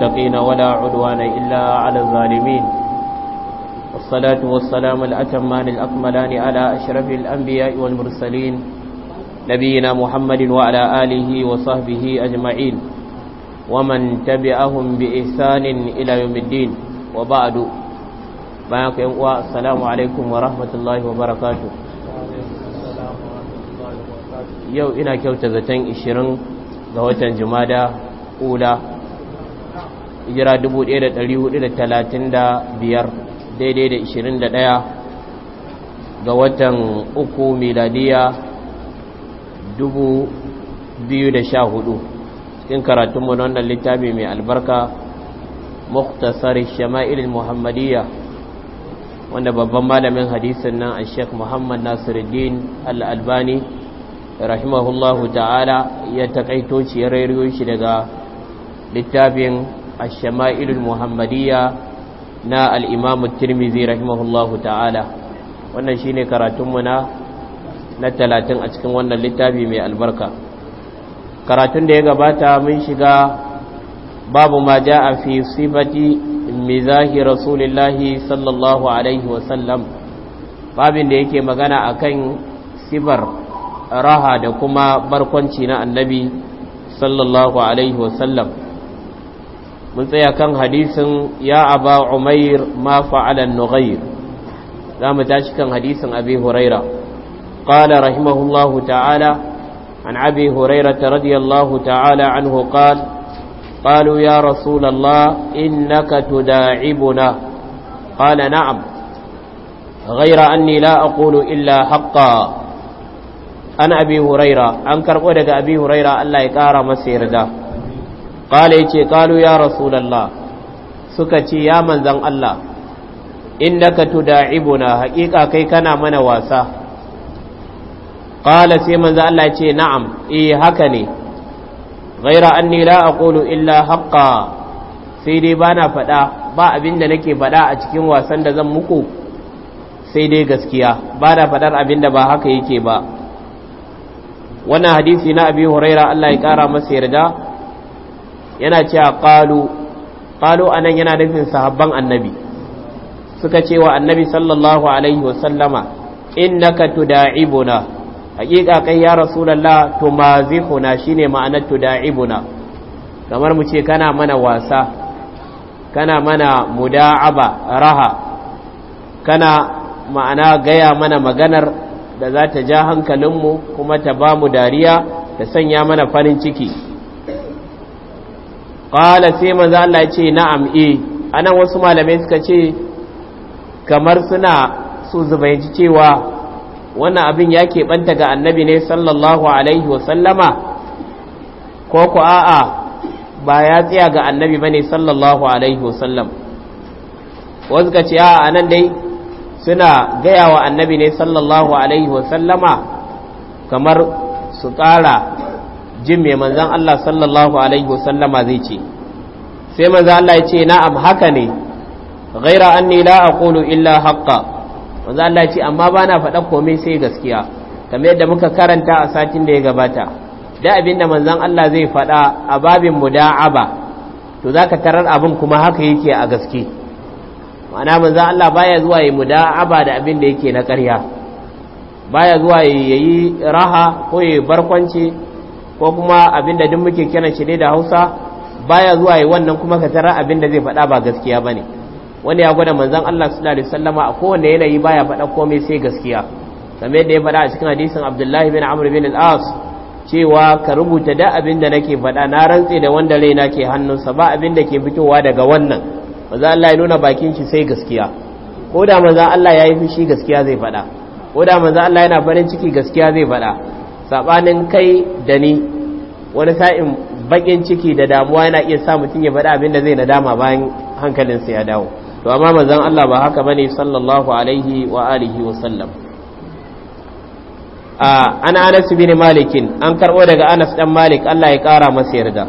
للمتقين ولا عدوان إلا على الظالمين والصلاة والسلام الأتمان الأكملان على أشرف الأنبياء والمرسلين نبينا محمد وعلى آله وصحبه أجمعين ومن تبعهم بإحسان إلى يوم الدين وبعد السلام عليكم ورحمة الله وبركاته yau ina kyauta zaton 20 ga watan jumada ula hijira 1435 daidai da 21 ga watan uku miladiya 2014 cikin karatunmu na wannan littafi mai albarka muktasar shama'ilin muhammadiyya wanda babban malamin hadisin nan a sheik muhammad nasiruddin al'albani rahimahullahu ta'ala ya takaito ciyar shi daga littafin الشمائل المحمدية نا الإمام الترمذي رحمه الله تعالى wannan shine karatunmu na talatin a cikin wannan littafi mai albarka karatun da ya gabata mun shiga babu ma jaa fi sifati mizahi rasulillahi sallallahu alaihi wasallam babin da yake magana akan sifar raha da kuma barkwanci na annabi sallallahu alaihi wasallam mun tsaya kan hadisin ya aba umair ma fa'ala nughair za mu tashi kan hadisin abi huraira qala rahimahullahu ta'ala an abi huraira radiyallahu ta'ala anhu qala قالوا يا رسول الله إنك تداعبنا قال نعم غير أني لا أقول إلا حقا أنا أبي هريرة أنكر قولك أبي هريرة الله يكارم سيرده qala yace qalu ya lalla. suka ce ya manzan Allah innaka tuda'ibuna haqiqa kai kana mana wasa qala sai manzan Allah ce na'am eh haka ne ghaira anni la aqulu illa haqqa sai dai bana fada ba abinda nake fada a cikin wasan da zan muku sai dai gaskiya bana fadar abinda ba haka yake ba wannan hadisi na abi huraira Allah ya kara masa yarda yana cewa qalu qalu anan yana nufin sahabban annabi suka ce wa annabi sallallahu alaihi wa sallama innaka tuda'ibuna hakika kai ya rasulullah mazihuna shine ma'anar tuda'ibuna kamar mu ce kana mana wasa kana mana muda'aba raha kana ma'ana gaya mana maganar da za ta ja hankalinmu kuma ta ba mu dariya ta sanya mana farin ciki ƙala sai manzo Allah ce na'am eh anan wasu malamai suka ce kamar suna su zubaiji cewa wannan abin ya keɓanta ga annabi ne sallallahu alaihi wasallama ko ku a'a ba ya tsaya ga annabi ba ne sallallahu alaihi wasallam wasu ka ce a'a anan dai suna gaya wa annabi ne sallallahu alaihi wasallama kamar su ƙara jin mai manzan Allah sallallahu alaihi wasallama zai ce sai manzan Allah ya ce na'am haka ne ghaira anni a aqulu illa haƙa manzan Allah ya ce amma ba na faɗa komai sai gaskiya kamar yadda muka karanta a satin da ya gabata da abinda manzan Allah zai faɗa a babin aba to za ka tarar abin kuma haka yake a gaske ma'ana manzan Allah baya zuwa yi mu da abin da yake na ƙarya baya zuwa yayi raha ko yayi barkwanci ko kuma abinda duk muke kiran shi dai da hausa baya zuwa yi wannan kuma ka tara da zai faɗa ba gaskiya ba ne wani ya gwada manzan allah sallallahu alaihi wasallama a kowane yanayi baya faɗa komai sai gaskiya kamar yadda ya faɗa a cikin hadisin abdullahi bin amr bin al-as cewa ka rubuta da abin da nake faɗa na rantse da wanda raina ke hannunsa ba abin da ke fitowa daga wannan maza Allah ya nuna bakin shi sai gaskiya ko da maza Allah ya yi fushi gaskiya zai faɗa ko da maza Allah yana farin ciki gaskiya zai faɗa sabanin kai da ni wani sa'in baƙin ciki da damuwa yana iya sa mutum ya faɗi abin da zai nadama bayan hankalinsa ya dawo to amma manzon Allah ba haka bane sallallahu alaihi wa alihi wa sallam a ana Anas bin Malik an karɓo daga Anas ɗan Malik Allah ya kara masa yarda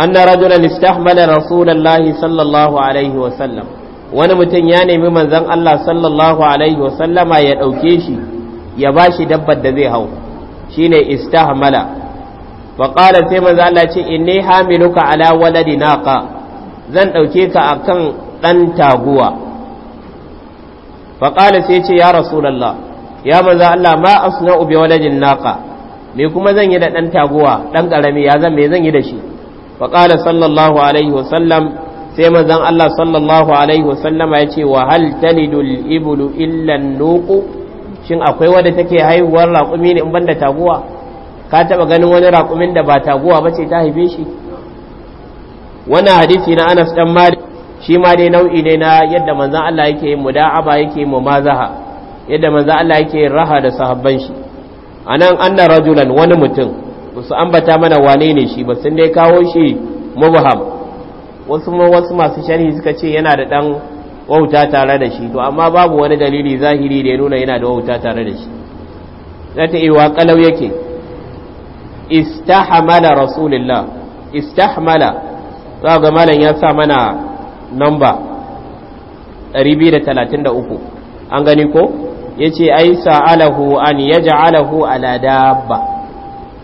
anna rajulan istahmala rasulullahi sallallahu alaihi wa sallam wani mutum ya nemi manzon Allah sallallahu alaihi wa sallama ya ɗauke shi ya bashi dabbar da zai hau shine istahmala wa qala sai manzo Allah ce inni hamiluka ala waladi naqa zan dauke ka akan dan taguwa fa qala sai ce ya rasulullah ya manzo Allah ma asna'u bi waladin naqa me kuma zan yi da dan taguwa dan karami ya zan me zan yi da shi fa qala sallallahu alaihi wasallam sai manzon Allah sallallahu alaihi wasallama ya ce wa hal talidul iblu illa an-nuqu shin akwai wadda take haihuwar raƙumi ne in banda taguwa ka taɓa ganin wani raƙumin da ba taguwa ba ce ta haife shi Wani hadisi na anas ɗan Mari shi ma dai nau'i ne na yadda manzan Allah yake yin ba yake yin mumazaha yadda manzan Allah yake yin raha da sahabban shi A nan an na rajulan wani mutum su ambata mana wane ne shi ba sun dai kawo shi mubham wasu wasu masu sharhi suka ce yana da ɗan. wauta tare da shi to amma babu wani dalili zahiri da ya nuna yana da wauta tare da shi zata iya kalau yake istahmala rasulullah istahmala za ga malam ya sa mana namba 233 an gani ko yace ai sa'alahu an yaj'alahu ala dabba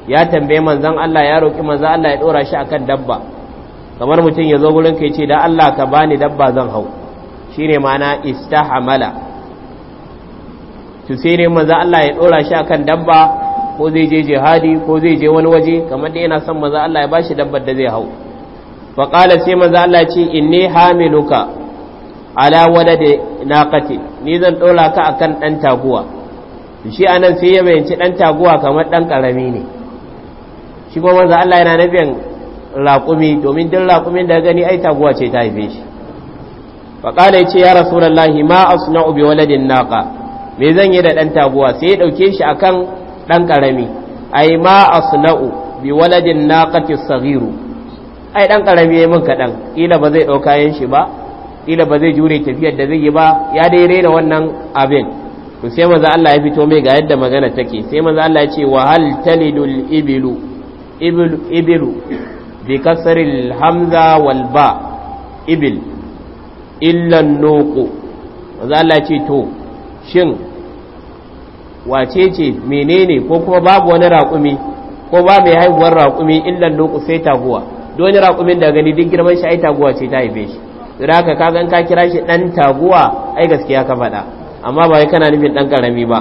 ya tambaye manzon Allah ya roki manzon Allah ya dora shi akan dabba kamar mutum ya zo wurin ka yace da Allah ka bani dabba zan hau shine mana istahamala to sai ne manzo Allah ya dora shi akan dabba ko zai je jihadi ko zai je wani waje kamar da yana son manzo Allah ya bashi dabbar da zai hau fa sai maza Allah ya ce inni hamiluka ala waladi naqati ni zan dora ka akan dan taguwa shi anan sai ya bayyance dan taguwa kamar ɗan karami ne shi kuma manzo Allah yana nabin raƙumi domin duk raƙumin da gani ai taguwa ce ta haife shi faƙala ya ce ya rasulallahi ma asna'u bi waladin naka me zan yi da ɗan taguwa sai ya ɗauke shi akan ɗan ƙarami ai ma asna'u bi waladin naqati saghiru ai ɗan ƙarami yi min kaɗan ƙila ba zai ɗauka shi ba ƙila ba zai jure tafiyar da zai yi ba ya dai rena wannan abin to sai maza Allah ya fito mai ga yadda magana take sai maza Allah ya ce wa hal talidul ibilu ibilu ibilu bi kasril hamza wal ba ibil illan noku wanzu Allah ce to shin wace ce menene ko kuma babu wani raƙumi ko ba mai haihuwar raƙumi illan noku sai taguwa don wani raƙumin da gani duk girman shi ai taguwa ce ta haife shi don haka ka gan ka kira shi ɗan taguwa ai gaskiya ka faɗa amma ba wai kana nufin ɗan ƙarami ba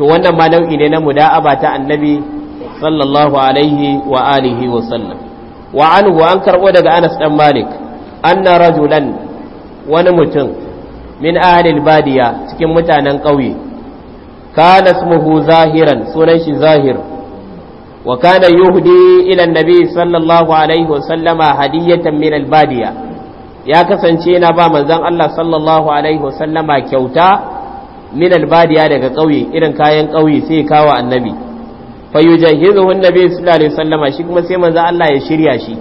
to wannan ma nau'i ne na muda'aba ta annabi sallallahu alaihi wa alihi wa sallam wa anhu an karɓo daga anas dan malik anna rajulan wani mutum min ahlil badiya cikin mutanen ƙauye kana ismuhu zahiran sunan shi zahir wa kana yuhdi ila annabi sallallahu alaihi wasallama hadiyatan min albadiya ya kasance yana ba manzon Allah sallallahu alaihi wasallama kyauta min albadiya daga ƙauye irin kayan ƙauye sai kawo annabi fayyujahizuhu annabi sallallahu alaihi wasallama shi kuma sai manzon Allah ya shirya shi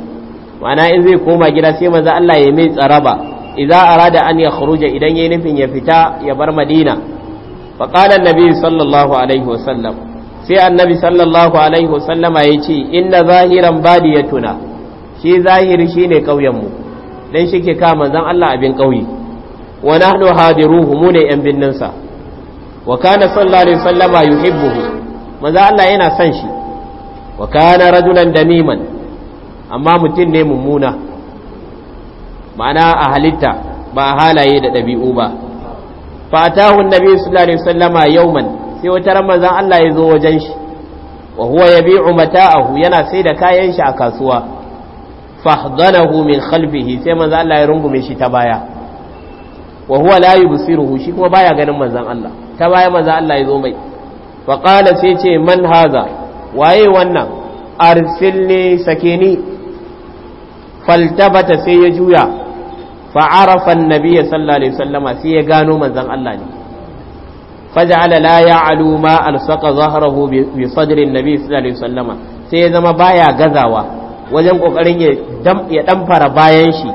ma'ana in zai koma gida sai maza Allah ya mai tsaraba idza arada an ya yakhruja idan yayin nufin ya fita ya bar Madina fa qala annabi sallallahu alaihi wasallam sai annabi sallallahu alaihi wasallama yace inna zahiran badiyatuna shi zahiri shine kauyen mu dan shike ka manzon Allah abin kauye wa nahnu hadiruhu mu ne yan binnin sa wa kana sallallahu alaihi wasallama yuhibbuhu manzo Allah yana son shi wa kana rajulan damiman amma mutum ne mummuna ma'ana a halitta ba halaye da ɗabi'u ba fatahun nabi sallallahu alaihi wasallama yauman sai wata ran manzon Allah ya zo wajen shi wa huwa yabi'u mata'ahu yana sai da kayan shi a kasuwa fahdanahu min khalfihi sai manzon Allah ya rungume shi ta baya wa huwa la yubsiruhu shi kuma baya ganin manzon Allah ta baya manzon Allah ya zo mai fa qala sai ce man haza waye wannan arsilni sakini faltabata sai ya juya fa'arafa annabi sallallahu alaihi wasallama sai ya gano manzon Allah ne faj'ala la ya'lu ma alsaqa zahrahu bi sadri annabi sallallahu alaihi wasallama sai ya zama baya gazawa wajen kokarin ya dam ya damfara bayan shi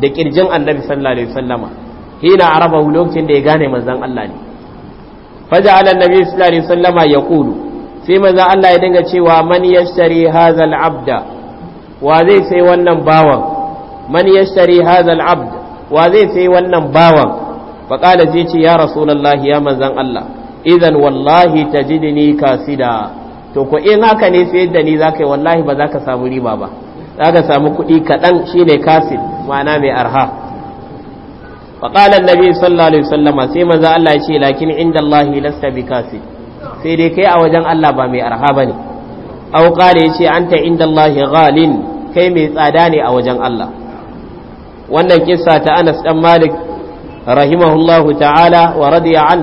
da kirjin annabi sallallahu alaihi wasallama hina arafa lokacin da ya gane manzon Allah ne faj'ala annabi sallallahu alaihi wasallama yaqulu sai manzon Allah ya dinga cewa man yashtari hadha al-abda wa zai sai wannan bawan man yashtari hadha al-abd wa zai sai wannan bawan fa qala zai ce ya rasulullahi ya manzan Allah idan wallahi tajidni kasida to ko in haka ne sai da ni zaka yi wallahi ba zaka samu riba ba zaka samu kuɗi kaɗan shine kasid ma'ana mai arha fa qala annabi sallallahu alaihi sai manzan Allah ya ce lakin inda Allah lasta bi sai dai kai a wajen Allah ba mai arha bane ce an yace anta indallahi ghalin kai mai tsada ne a wajen Allah wannan kissa ta Anas dan Malik rahimahullahu ta'ala wa radiya an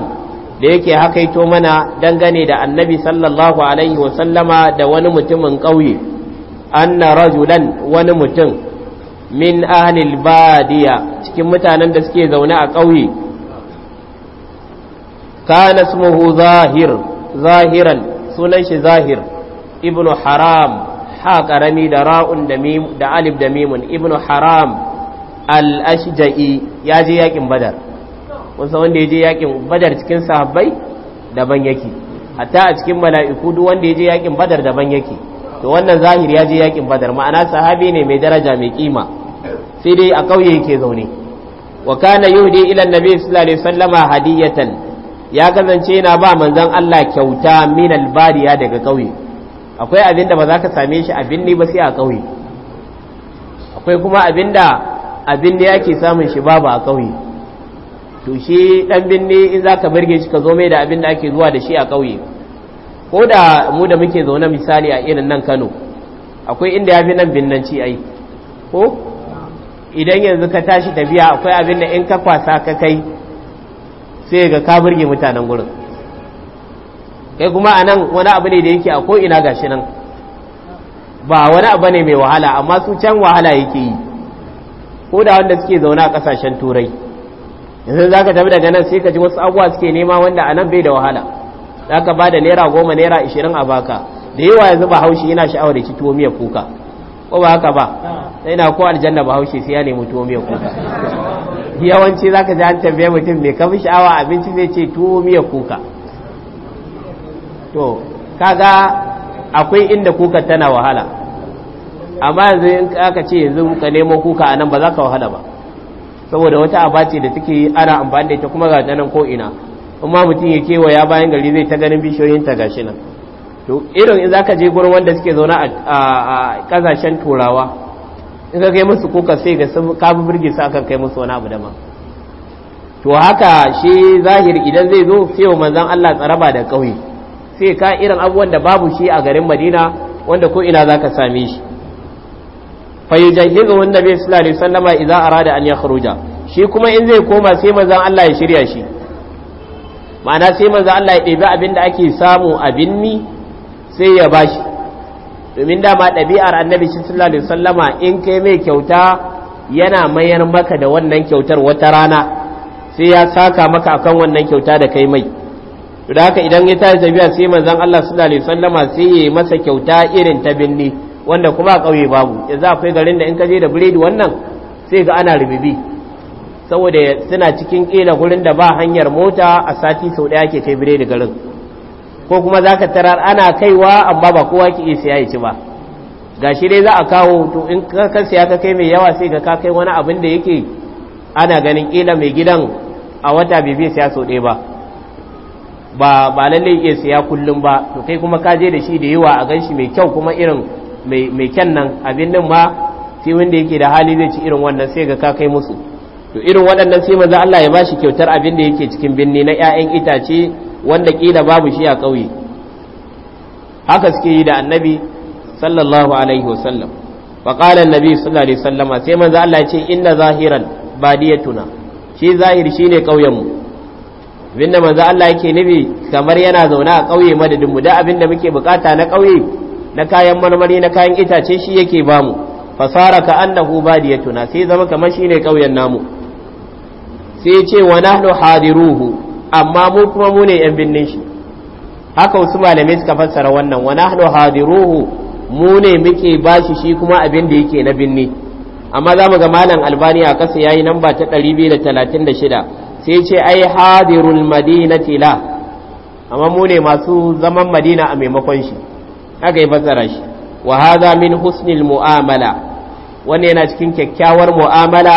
da yake hakaito mana dangane da annabi sallallahu alaihi wa sallama da wani mutumin ƙauye anna rajulan wani mutum min ahlil badiya cikin mutanen da suke zaune a ƙauye kana ismuhu zahir zahiran sunan shi zahir ibnu haram haƙarami karami da ra'un da alif da mimun ibnu haram al-ashja'i ya je yaƙin badar wasu wanda ya je yaƙin badar cikin sahabbai daban yake hatta a cikin mala'iku duk wanda ya je yakin badar daban yake to wannan zahir ya je yakin badar ma'ana sahabi ne mai daraja mai kima sai dai a ƙauye yake zaune wa kana yuhdi ila annabi sallallahu alaihi wasallama hadiyatan ya kasance yana ba manzon Allah kyauta min albariya daga ƙauye. akwai abin da ba za ka same shi abin ne ba sai a ƙauye akwai kuma abin da abin ne ake samun shi babu a ƙauye to shi ɗan binne in za ka birge shi ka zo mai da abin da ake zuwa da shi a ƙauye ko da mu da muke zaune misali a irin nan kano akwai inda ya fi nan binnanci ai ko idan yanzu ka tashi tafiya akwai abin da in ka kwasa ka kai sai ga ka birge mutanen gurin kai kuma a nan wani abu ne da yake a ko'ina ga shi nan ba wani abu ne mai wahala amma su can wahala yake yi ko da wanda suke zaune a ƙasashen turai yanzu za ka tafi daga nan sai ka ji wasu abuwa suke nema wanda a nan bai da wahala za ka ba da naira goma naira ishirin a baka da yawa yanzu ba haushi yana sha'awar ci tuwo miyar kuka ko ba haka ba sai na ko aljanna ba haushi sai ya nemi tuwo miyar kuka yawanci za ka ji an tambaye mutum mai kafin sha'awa abinci zai ce tuwo miyar kuka to kaga akwai inda kuka tana wahala amma yanzu in aka ce yanzu ka nemo kuka anan ba za ka wahala ba saboda wata abace da take ana amfani da ita kuma ga nan ko ina amma mutum ya ya bayan gari zai ta ganin bishiyoyin ta gashi nan to irin in zaka je gurin wanda suke zaune a kasashen turawa in ka kai musu kuka sai ga ka bi birge su akan kai musu wani abu da ma, to haka shi zahiri idan zai zo sai manzon Allah tsaraba da kauye sai ka irin abubuwan da babu shi a garin madina wanda ko ina za same shi fayyujahizu wanda bai sallallahu alaihi wasallama idan arada an ya shi kuma in zai koma sai manzon Allah ya shirya shi ma'ana sai manzon Allah ya ɗebi abin da ake samu abin ni sai ya bashi domin dama ɗabi'ar annabi sallallahu alaihi wasallama in kai mai kyauta yana mayar maka da wannan kyautar wata rana sai ya saka maka akan wannan kyauta da kai mai da haka idan ya tashi tafiya sai manzon Allah sallallahu alaihi wasallama sai ya masa kyauta irin ta binni wanda kuma a ƙauye babu za akwai garin da in ka je da biredi wannan sai ga ana rububi saboda suna cikin kila gurin da ba hanyar mota a sati sau daya ke kai biredi garin ko kuma za tarar ana kaiwa amma ba kowa ki iya siya ya ci ba ga dai za a kawo to in ka siya ka kai mai yawa sai ga ka kai wani abin da yake ana ganin kila mai gidan a wata bai siya sau ɗaya ba ba ba lalle yake siya kullum ba to kai kuma ka je da shi da yawa a ganshi mai kyau kuma irin mai kyan nan abin nan ma sai wanda yake da hali zai ci irin wannan sai ga ka kai musu to irin waɗannan sai manzo Allah ya bashi kyautar abin da yake cikin binni na ƴaƴan itace wanda kila babu shi a ƙauye haka suke yi da annabi sallallahu alaihi wasallam wa qala annabi sallallahu alaihi wasallam sai manzo Allah ya ce inna zahiran badiyatuna shi zahir shine ƙauyen mu abinda manzo Allah yake nufi kamar yana zaune a ƙauye madadin mu da abinda muke bukata na ƙauye na kayan marmari na kayan itace shi yake bamu fasara ka annahu badiyatuna sai zama kamar shine ƙauyen namu sai ce wa nahnu hadiruhu amma mu kuma mu ne yan binnin shi haka wasu malamai suka fassara wannan wa nahnu hadiruhu mu ne muke bashi shi kuma abin da yake na binni amma za mu ga malam albani a kasa yayi namba ta 236 sai ce ai hadirul madinati la amma mu ne masu zaman madina a maimakon shi aka yi fasara shi wa hadha min husnil mu'amala wannan yana cikin kyakkyawar mu'amala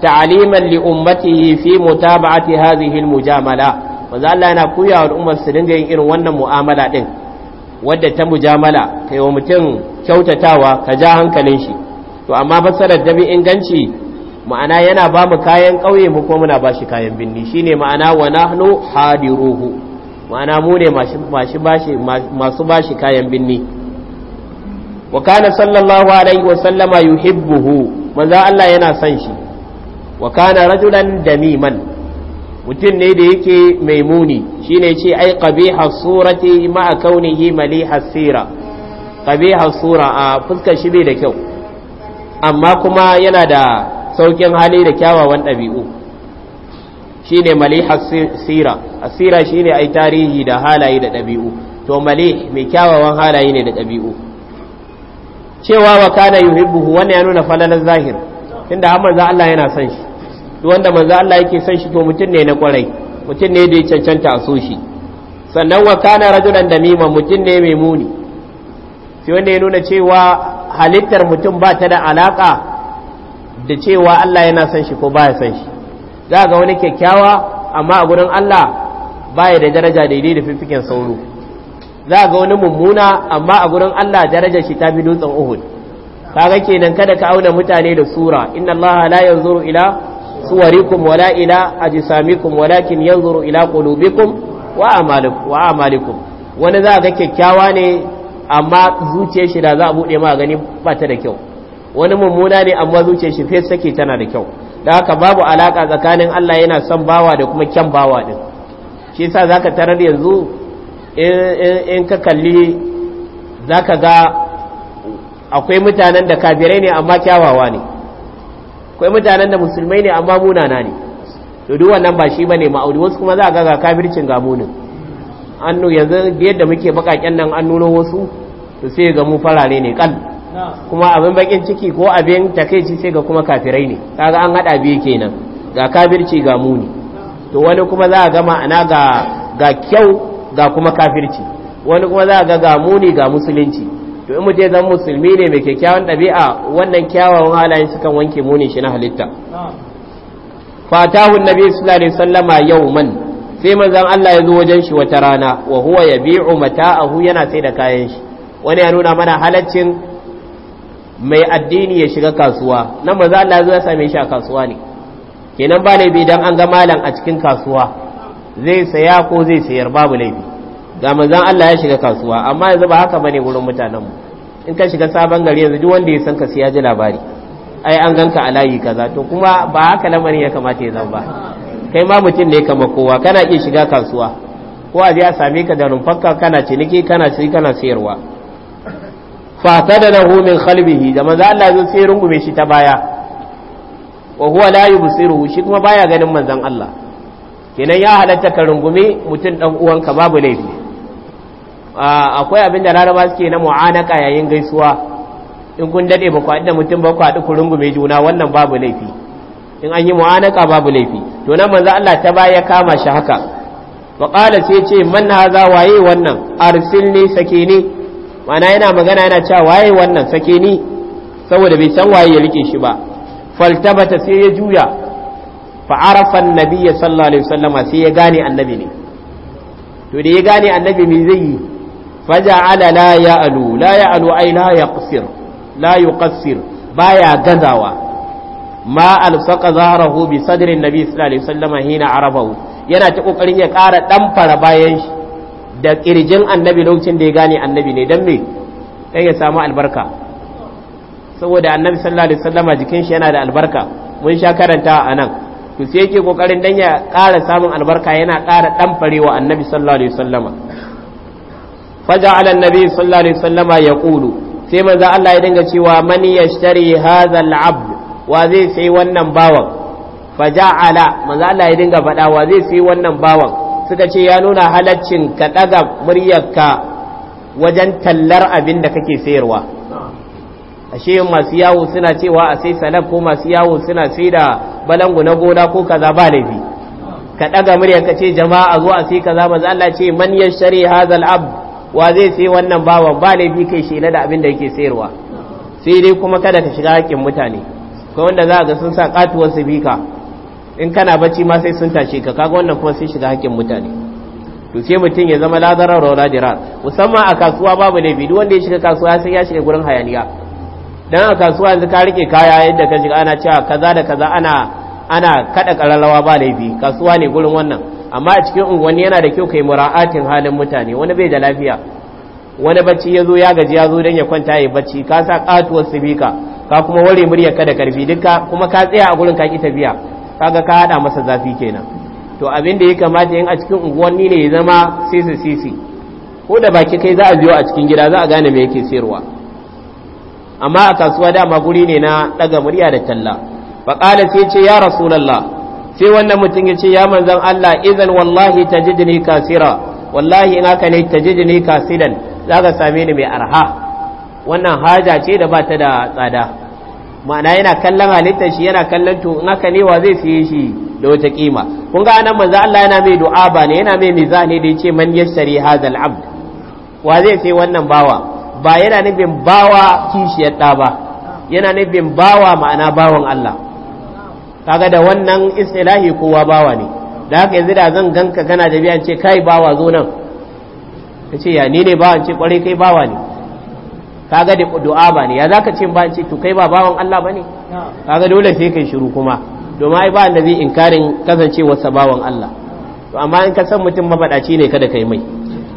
ta'aliman li ummatihi fi mutaba'ati hadhihi al mujamala manzo Allah yana koya wa ummar su dinga yin irin wannan mu'amala din wadda ta mujamala kai wa mutum kyautatawa ka ja hankalin shi to amma fasarar da bi inganci ma'ana yana ba mu kayan ƙauye mu ko muna ba shi kayan binni shine ma'ana wa nahnu hadiruhu ma'ana mu ne masu ba shi kayan binni wa kana sallallahu alaihi wa sallama yuhibbuhu manzo Allah yana son shi wa kana rajulan damiman mutum ne da yake mai muni shine ce ai qabiha surati ma kaunihi maliha sira qabiha sura a fuskar shi bai da kyau amma kuma yana da saukin hali da kyawawan ɗabi'u shine sira asira shi shine ai tarihi da halaye da ɗabi'u to mali mai kyawawan halaye ne da ɗabi'u cewa wa kana yuhibbuhu wani ya nuna falalar zahir inda har manzo Allah yana son shi to wanda manzo Allah yake son shi to mutum ne na kwarai mutum ne da ya cancanta a so shi sannan wa kana rajulan damima mutum ne mai muni sai wanda ya nuna cewa halittar mutum ba ta da alaƙa. da cewa Allah yana son shi ko baya son shi za ga wani kyakkyawa amma a gurin Allah baya da daraja daidai da fifikin sauro za ga wani mummuna amma a gurin Allah darajar shi ta fi dutsen Uhud kaga kenan kada ka auna mutane da sura inna Allah la yanzuru ila suwarikum wala ila ajsamikum walakin yanzuru ila qulubikum wa amalikum wa amalikum wani za ga kyakkyawa ne amma zuciyar shi da za a bude ma gani ba ta da kyau wani mummuna ne amma zuciyar shi fes take tana da kyau da haka babu alaka tsakanin Allah yana son bawa da kuma kyan bawa din shi yasa zaka tarar yanzu in ka kalli zaka ga akwai mutanen da kafirai ne amma kyawawa ne akwai mutanen da musulmai ne amma munana ne to duk wannan ba shi bane ma'audi wasu kuma za ga ga kafircin ga munin annu yanzu yadda muke bakaken nan an nuno wasu to sai ga mu farare ne kan kuma abin bakin ciki ko abin takaici sai ga kuma kafirai ne kaga an hada biyu kenan ga kafirci ga muni to wani kuma za ga ma'ana ga ga kyau ga kuma kafirci wani kuma za ga ga muni ga musulunci to in mutum zan musulmi ne mai kyakkyawan ɗabi'a wannan kyawawan halayen sukan wanke muni shi na halitta fatahun nabi sallallahu alaihi wasallama yawman sai manzon Allah ya zo wajen shi wata rana wa huwa yabi'u mata'ahu yana sai da kayan shi wani ya nuna mana halaccin mai addini ya shiga kasuwa na maza Allah zai same shi a kasuwa ne kenan ba laifi dan an ga malam a cikin kasuwa zai saya ko zai sayar babu laifi ga manzon Allah ya shiga kasuwa amma yanzu ba haka bane gurin mutanen mu in ka shiga sabon gari yanzu duk wanda ya san ka siya ji labari ai an ganka a layi kaza to kuma ba haka lamarin ya kamata ya zama ba kai ma mutum ne kamar kowa kana iya shiga kasuwa ko a je a same ka da rumfarka kana ciniki kana sai kana sayarwa fasadalahu min khalbihi da manzo Allah zai sai rungume shi ta baya wa huwa la yubsiru shi kuma baya ganin manzan Allah kenan ya halatta ka rungume mutum dan uwanka babu laifi akwai abin da laraba suke na mu'anaka yayin gaisuwa in kun dade ba ku da mutum ba kwaɗi ku rungume juna wannan babu laifi in an yi mu'anaka babu laifi to nan manzo Allah ta baya kama shi haka wa qala sai ce man hadha waye wannan arsilni sakini mana yana magana yana cewa waye wannan sake ni saboda bai san waye ya rike shi ba faltabata sai ya juya fa'arafa annabiyya sallallahu alaihi wasallama sai ya gane annabi ne to da ya gane annabi me zai yi faja'ala la ya'lu la alu ay la yaqsir la yuqassir baya gazawa ma alsaqa zahrahu bi sadri annabi sallallahu alaihi wasallama hina arafahu yana ta kokarin ya ƙara dan fara bayan shi da kirjin annabi lokacin da ya gane annabi ne don me dan ya samu albarka saboda annabi sallallahu alaihi wasallama jikin shi yana da albarka mun sha karanta a nan to sai yake kokarin dan ya ƙara samun albarka yana ƙara dan farewa annabi sallallahu alaihi wasallama faja'ala annabi sallallahu alaihi wasallama yaqulu sai manzo Allah ya dinga cewa man yashtari hadha al-abd wa zai sai wannan bawan faja'ala manzo Allah ya dinga faɗa wa zai sai wannan bawan suka ce ya nuna halaccin ka ɗaga muryarka wajen tallar abin da kake sayarwa ashe masu yawo suna cewa a sai salaf ko masu yawo suna sai da balangu na gona ko kaza ba laifi ka ɗaga muryarka ce jama'a a zo a sai kaza maza Allah ce man shari hazal ab wa zai sai wannan bawa ba laifi kai na da abin da yake sayarwa sai dai kuma kada ka shiga haƙƙin mutane ko wanda za ga sun sa katuwar su bika in kana bacci ma sai sun tashi ka kaga wannan kuma sai shiga hakkin mutane to sai mutum ya zama ladarar rawa dirar musamman a kasuwa babu laifi duk wanda ya shiga kasuwa sai ya shiga gurin hayaniya dan a kasuwa yanzu ka rike kaya yadda ka shiga ana cewa kaza da kaza ana ana kada kararrawa ba laifi kasuwa ne gurin wannan amma a cikin unguwanni yana da kyau kai mura'atin halin mutane wani bai da lafiya wani bacci ya zo ya gaji ya zo don ya kwanta ya bacci ka sa katuwar sibika ka kuma ware ka da karfi duka kuma ka tsaya a gurin ka ki tafiya kaga ka hada masa zafi kenan to abin da ya kamata yin a cikin unguwanni ne ya zama sisi sisi ko da baki kai za a biyo a cikin gida za a gane me yake sayarwa amma a kasuwa dama guri ne na daga murya da talla faqala sai ce ya rasulullah sai wannan mutum ya ce ya manzon Allah idan wallahi tajidni kasira wallahi in haka ne tajidni kasidan zaka same ni mai arha wannan haja ce da ba ta da tsada ma'ana yana kallon halittar shi yana kallon to in haka ne wa zai siye shi da wata kima kun ga anan manzo Allah yana mai du'a ba ne yana mai ne da yace man yashari hadal abd wa zai sai wannan bawa ba yana nufin bawa kishiyar da ba yana nufin bawa ma'ana bawan Allah kaga da wannan istilahi kowa bawa ne da haka yanzu da zan ganka kana da biyan ce kai bawa zo nan kace ya ni ne bawa ce kwarai kai bawa ne kaga da du'a ba ne ya zaka ce ba ce to kai ba bawan Allah bane kaga dole sai kai shiru kuma domin ai ba zai inkarin kasance wasa bawan Allah to amma in ka san mutum mabadaci ne kada kai mai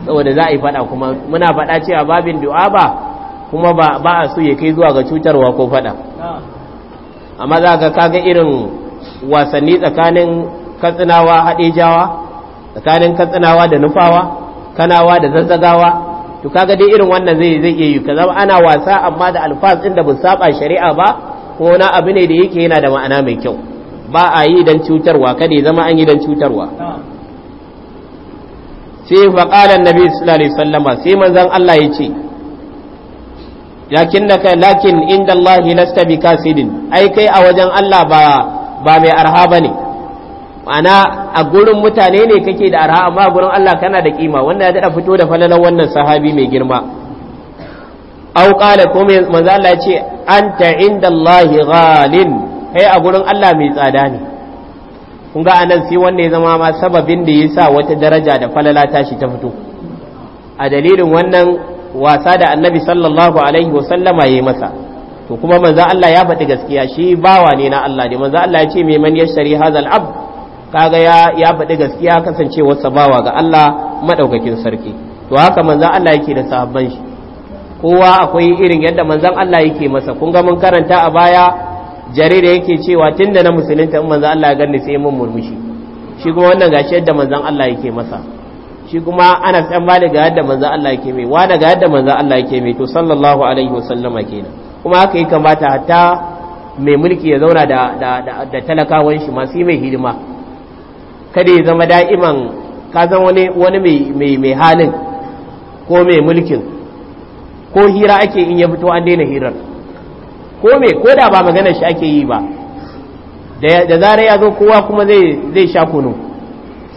saboda za a yi fada kuma muna fada cewa babin du'a ba kuma ba a so ya kai zuwa ga cutarwa ko fada amma za ka kaga irin wasanni tsakanin katsinawa haɗejawa tsakanin katsinawa da nufawa kanawa da zazzagawa to kaga dai irin wannan zai zai iya yi kaza ana wasa amma da alfaz din da bu saba shari'a ba ko na abu ne da yake yana da ma'ana mai kyau ba a yi dan cutarwa kada ya zama an yi dan cutarwa sai qala annabi sallallahu alaihi wasallam sai manzon Allah ya ce lakinnaka lakin inda Allah lasta bi ai kai a wajen Allah ba ba mai arha bane ma'ana a gurin mutane ne kake da arha amma a gurin Allah kana da kima wanda ya daɗa fito da falalan wannan sahabi mai girma au da ko mai manzo Allah ya ce anta indallahi ghalin kai a gurin Allah mai tsada ne kun ga anan sai wanda ya zama ma sababin da yasa wata daraja da falala tashi ta fito a dalilin wannan wasa da annabi sallallahu alaihi wasallama yayi masa to kuma manzo Allah ya faɗi gaskiya shi bawa ne na Allah ne manzo Allah ya ce me man yashari hazal abd kaga ya ya faɗi gaskiya kasancewar bawa ga Allah madaukakin sarki to haka manzon Allah yake da sahabban shi kowa akwai irin yadda manzon Allah yake masa kun ga mun karanta a baya jarida yake cewa tunda na musulunta in manzon Allah ya ganni sai mun murmushi shi kuma wannan gashi yadda manzon Allah yake masa shi kuma ana san ba daga yadda manzon Allah yake mai wa daga yadda manzon Allah yake mai to sallallahu alaihi wasallama kenan kuma haka yake kamata hatta mai mulki ya zauna da talakawan shi masu yi mai hidima kada ya zama da'iman ka wani wani mai halin ko mai mulkin ko hira ake in ya fito an daina hirar ko mai ko da ba maganar shi ake yi ba da zarar ya zo kowa kuma zai sha kunu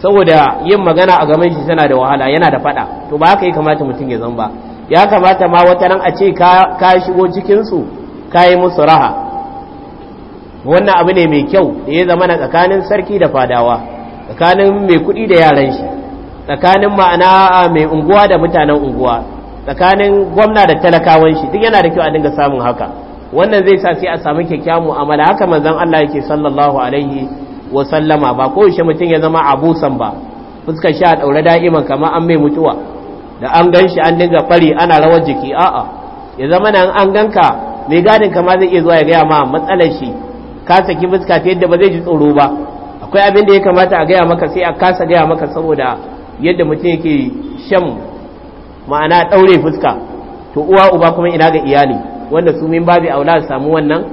saboda yin magana a gaban shi tana da wahala yana da fada to ba haka yi kamata mutum ya ba ya kamata ma wata nan a ce ka shigo cikinsu ka yi musu raha wannan abu ne mai kyau da ya zama na tsakanin sarki da fadawa tsakanin mai kuɗi da yaran shi tsakanin ma'ana mai unguwa da mutanen unguwa tsakanin gwamna da talakawan shi duk yana da kyau a dinga samun haka wannan zai sa sai a samu kyakkyawan mu'amala haka manzon Allah yake sallallahu alaihi wa sallama ba ko shi mutum ya zama abusan ba fuska shi a daure da'ima kamar an mai mutuwa da an gan shi an dinga fari ana rawar jiki a'a ya zama nan an ganka mai gadin kama zai iya zuwa ya gaya ma matsalar shi ka saki fuska ta yadda ba zai ji tsoro ba akwai abin da ya kamata a gaya maka sai a kasa gaya maka saboda yadda mutum yake shan ma'ana ɗaure fuska to uwa uba kuma ina ga iyali wanda su min babi aula samu wannan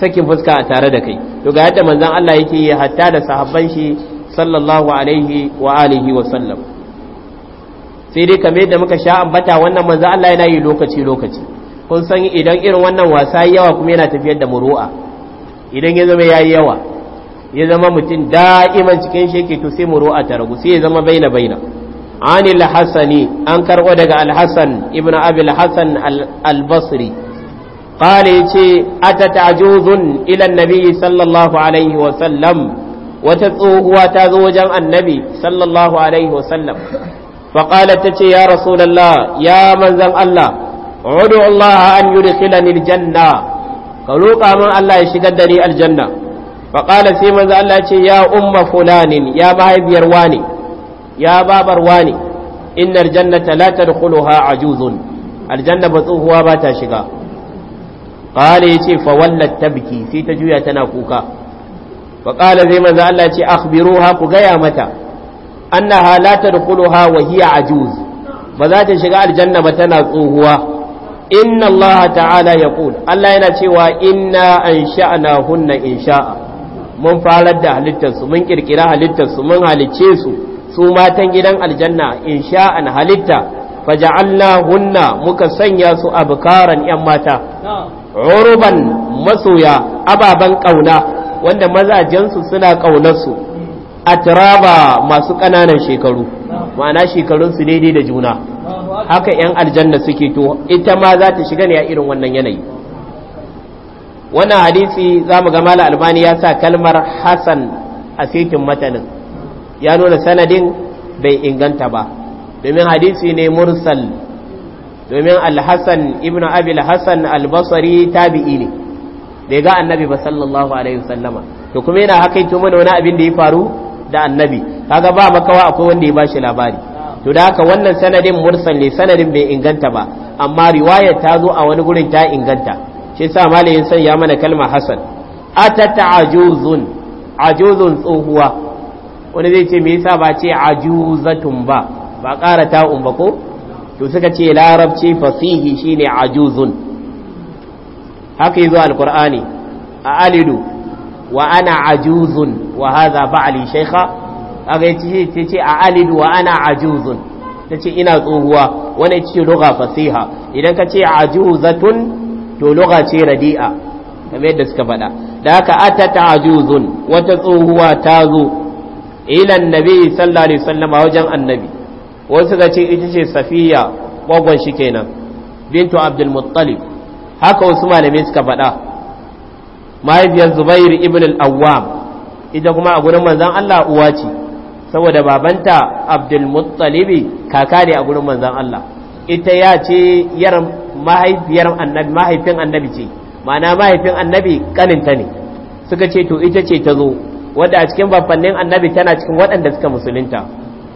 sakin fuska a tare da kai to ga yadda manzon Allah yake yi hatta da sahabban shi sallallahu alaihi wa alihi wa sallam sai dai kamar yadda muka sha ambata wannan manzon Allah yana yi lokaci lokaci kun san idan irin wannan wasa yawa kuma yana tafiyar da muru'a idan ya zama yayi yawa ya zama mutum da'iman cikin shi to sai mu a taragu sai ya zama baina baina an al-hasani an karbo daga al-hasan ibn abi al-hasan al-basri qala yace atata'juzun ila an-nabi sallallahu alaihi wa sallam wata tsohuwa ta zo wajen annabi sallallahu alaihi wa sallam fa qalat tace ya rasulullah ya manzan Allah ud'u Allah an yudkhilani al-janna ka roƙa min Allah ya shigar da ni aljanna faƙala sai manzo Allah ce ya umma fulanin ya mahaifiyar wani ya babar wani innar jannata la tadkhuluha ajuzun aljanna ba tsohuwa ba ta shiga qala yace fa wallat tabki sai ta juya tana kuka faƙala sai manzo Allah ce akhbiruha ku gaya mata annaha la tadkhuluha wa hiya ajuz ba za ta shiga aljanna ba tana tsohuwa inna Allah ta'ala yaqul Allah yana cewa inna ansha'nahunna insha'a mun farar da halittarsu mun kirkira halittarsu mun halicce su su matan gidan aljanna in sha'an halitta hunna muka sanya su abkaran yan mata uruban masoya ababan kauna wanda mazajensu suna kaunarsu atraba masu ƙananan shekaru ma'ana shekarunsu daidai da juna haka 'yan aljanna suke to ita ma za ta shiga ne a irin wannan yanayi wannan hadisi za mu ga mala albani ya sa kalmar hasan a cikin matanin ya nuna sanadin bai inganta ba domin hadisi ne mursal domin alhassan ibn abil hassan albasari tabi'i ne bai ga annabi ba sallallahu alaihi wasallama to kuma yana haka yi mana wani abin da ya faru da annabi kaga ba makawa akwai wanda ya bashi labari to da haka wannan sanadin mursal ne sanadin bai inganta ba amma riwayar ta zo a wani gurin ta inganta shi sa malayin san ya mana kalma hasan atata ajuzun ajuzun tsohuwa wani zai ce me yasa ba ce ajuzatun ba ba ƙara ta'un ba ko to suka ce larabci fasihi shine ajuzun haka zo alkur'ani a alidu wa ana ajuzun wa ba ba'li shaykha kaga yace ce ce a alidu wa ana ajuzun tace ina tsohuwa wani ce ruga fasiha idan ka ce ajuzatun to lugha ce radi'a kamar yadda suka faɗa da haka ata tajuzun wata tsohuwa ta zo ila annabi sallallahu alaihi wasallam a wajen annabi wasu ga ce ita ce safiya gwagwan shi kenan bintu abdul muttalib haka wasu malamai suka faɗa mahaifiyar zubair ibn al-awwam ita kuma a gurin manzon Allah uwa ce saboda babanta abdul muttalibi kaka ne a gurin manzon Allah ita ya ce yaran. mahaifiyar annabi mahaifin annabi ce ma'ana mahaifin annabi kaninta ne suka ce to ita ce ta zo wadda a cikin babbannin annabi tana cikin waɗanda suka musulunta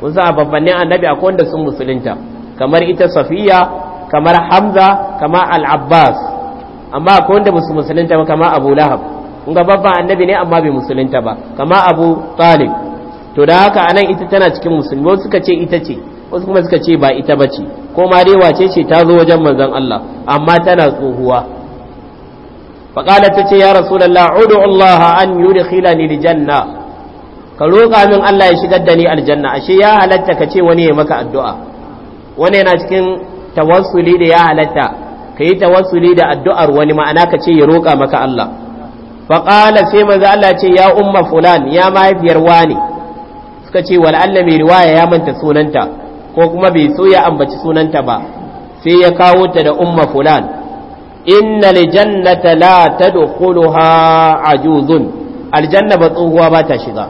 kun san a babbannin annabi akwai wanda sun musulunta kamar ita safiya kamar hamza kamar al-abbas amma akwai wanda musu musulunta ba kamar abu lahab kun ga babban annabi ne amma bai musulunta ba kamar abu talib to da haka anan ita tana cikin musulmi wasu suka ce ita ce wasu kuma suka ce ba ita bace ko ma dai wace ce ta zo wajen manzon Allah amma tana tsohuwa faqala ta ce ya rasulullah ud'u Allah an da janna ka roƙa min Allah ya shigar da ni aljanna ashe ya halatta ka ce wani ya maka addu'a wani yana cikin tawassuli da ya halatta ka yi tawassuli da addu'ar wani ma'ana ka ce ya roƙa maka Allah faqala sai manzo Allah ce ya umma fulan ya mahaifiyar wani suka ce wal Allah mai riwaya ya manta sunanta ko kuma bai so ya ambaci sunanta ba sai ya kawo ta da umma fulan inna aljannata la tadkhuluha ajuzun aljanna ba tsohuwa ba ta shiga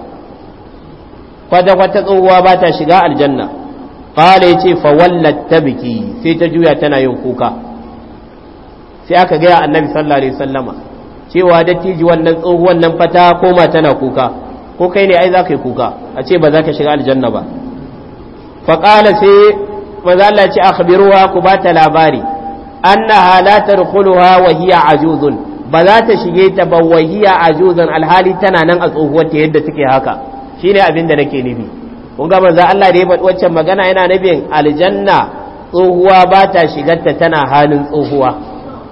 kwata kwata tsohuwa ba ta shiga aljanna qala yace fa wallat tabki sai ta juya tana yin kuka sai aka ga annabi sallallahu alaihi wasallama cewa dattijuwan wannan tsohuwan nan fata koma tana kuka ko kai ne ai za ka yi kuka a ce ba za ka shiga aljanna ba faƙala sai maza Allah a akhbiruha ku ba ta labari annaha la tadkhuluha wa hiya ajuzun ba za ta shige ta ba wa hiya ajuzun alhali tana nan a tsohuwar ta yadda take haka shine abin da nake nufi kun ga manzo Allah da ya faɗi waccan magana yana nufin aljanna tsohuwa ba ta shigar ta tana halin tsohuwa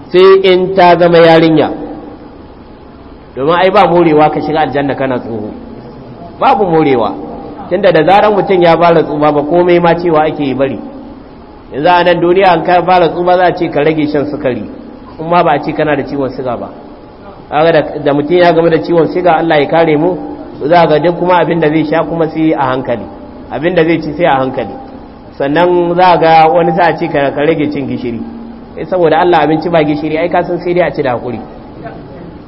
sai in ta zama yarinya domin ai ba morewa ka shiga aljanna kana tsoho babu morewa tunda da zaran mutum ya fara tsuba ba komai ma cewa ake yi bari yanzu a nan duniya an ka fara tsuba za a ce ka rage shan sukari kuma ba a ce kana da ciwon siga ba da mutum ya game da ciwon siga Allah ya kare mu za ga duk kuma abin da zai sha kuma sai a hankali abin da zai ci sai a hankali sannan za ga wani za a ce ka rage cin gishiri eh, saboda Allah abinci ba gishiri ai kasan sai dai a ci da hakuri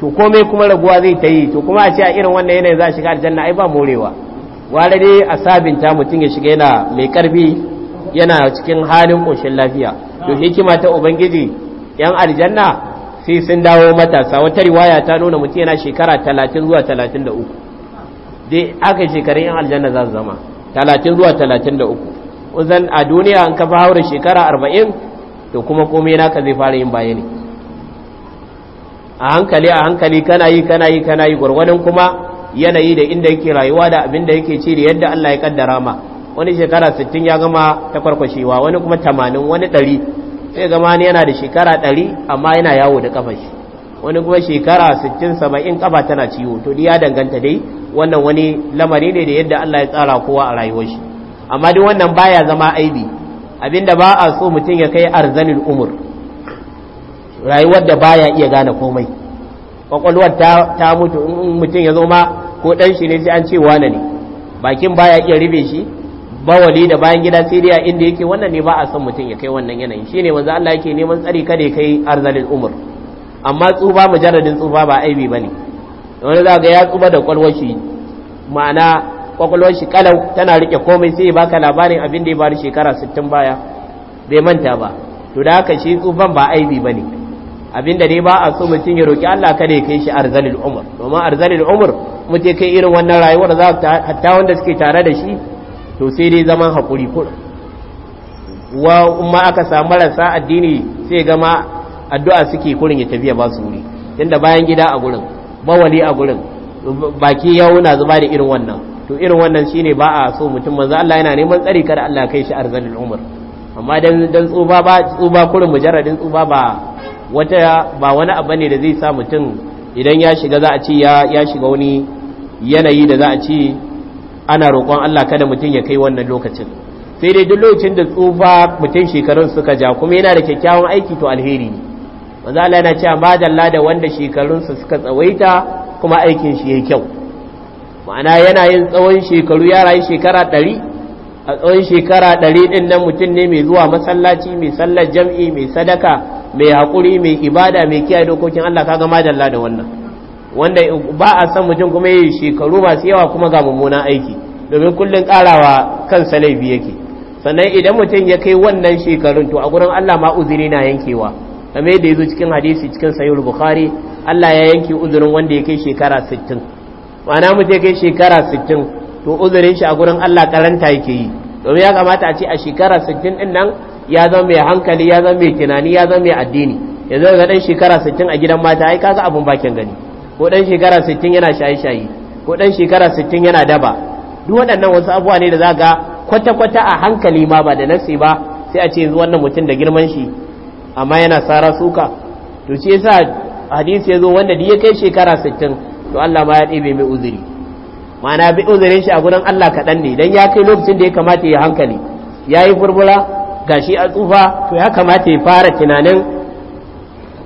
to komai kuma raguwa zai ta yi to kuma a ce a irin wannan yanayin za a shiga aljanna ai ba morewa ware ne a sabinta mutum ya shiga yana mai karfi yana cikin halin ƙoshin lafiya to hikima ta ubangiji yan aljanna sai sun dawo matasa wata riwaya ta nuna mutum yana shekara talatin zuwa talatin da uku dai aka shekarun yan aljanna za su zama talatin zuwa talatin da uku uzan a duniya an kafa haura shekara arba'in to kuma komai ka zai fara yin bayani a hankali a hankali kana yi kana yi kana yi gwargwadon kuma yanayi da inda yake rayuwa da abin da yake ci da yadda Allah ya kaddara ma wani shekara 60 ya gama ta kwarkwashewa wani kuma 80 wani 100 sai gama ne yana da shekara 100 amma yana yawo da kafa shi wani kuma shekara 60 70 kafa tana ciwo to ya danganta dai wannan wani lamari ne da yadda Allah ya tsara kowa a rayuwar shi amma duk wannan baya zama aibi abinda ba a so mutum ya kai arzanin umur rayuwar da baya iya gane komai kwakwalwar ta mutu mutum ya zo ma ko dan shi ne sai an ce wane ne bakin baya iya rufe shi bawali da bayan gida sai dai inda yake wannan ne ba a san mutum ya kai wannan yanayin shine manzo Allah yake neman tsari kada kai arzalin umur amma tsufa mujarradin tsufa ba aibi bane wani za ga ya tsuba da kwalwashi ma'ana kwakwalwashi shi kalau tana rike komai sai ya baka labarin abin da ya bari shekara 60 baya bai manta ba to da haka shi tsufan ba aibi bane Abin da dai ba a so mutum ya roki Allah kada ya kai shi arzalil umur domin arzalil umur mutum kai irin wannan rayuwar za ta hatta wanda suke tare da shi to sai dai zaman hakuri kur wa umma aka samu rasa addini sai gama addu'a suke kurin ya tafiya ba su wuri tunda bayan gida a gurin bawali a gurin baki yawo na zuba da irin wannan to irin wannan shine ba a so mutum manzo Allah yana neman tsari kada Allah kai shi arzalil umur amma dan dan tsuba ba tsuba kurin mujarradin tsuba ba wata ba wani abu ne da zai sa mutum idan ya shiga za a ci ya shiga wani yanayi da za a ci ana roƙon Allah kada mutum ya kai wannan lokacin sai dai duk lokacin da tsufa mutum shekarun suka ja kuma yana da kyakkyawan aiki to alheri ne manzo Allah yana cewa madalla da wanda su suka tsawaita kuma aikin shi yayi kyau ma'ana yana yin tsawon shekaru ya rayu shekara ɗari. a tsawon shekara ɗari ɗin nan mutum ne mai zuwa masallaci mai sallar jam'i mai sadaka mai haƙuri mai ibada mai kiyaye dokokin Allah kaga madalla da wannan wanda ba a san mutum kuma yi shekaru masu yawa kuma ga mummunan aiki domin kullum ƙarawa kan salafi yake sannan idan mutum ya kai wannan shekarun to a gurin Allah ma uzuri na yankewa kamar da yazo cikin hadisi cikin sahih bukhari Allah ya yanke uzurin wanda ya kai shekara 60 ma'ana mutum ya kai shekara 60 to uzurin shi a gurin Allah karanta yake yi domin ya kamata a ce a shekara 60 din nan ya zama mai hankali ya zama mai tunani ya zama mai addini yanzu ga dan shekara 60 a gidan mata ai kaga abun bakin gani ko dan shekara 60 yana shaye shayi ko dan shekara 60 yana daba duk waɗannan wasu abubuwa ne da za ga kwata-kwata a hankali ma ba da nasi ba sai a ce yanzu wannan mutum da girman shi amma yana sara suka to shi yasa hadisi ya zo wanda da ya kai shekara 60 to Allah ma ya ɗebe mai uzuri mana bi uzurin shi a gurin Allah kaɗan ne don ya kai lokacin da ya kamata ya hankali ya yi furfura Ga shi a tsufa to ya kamata ya fara tunanin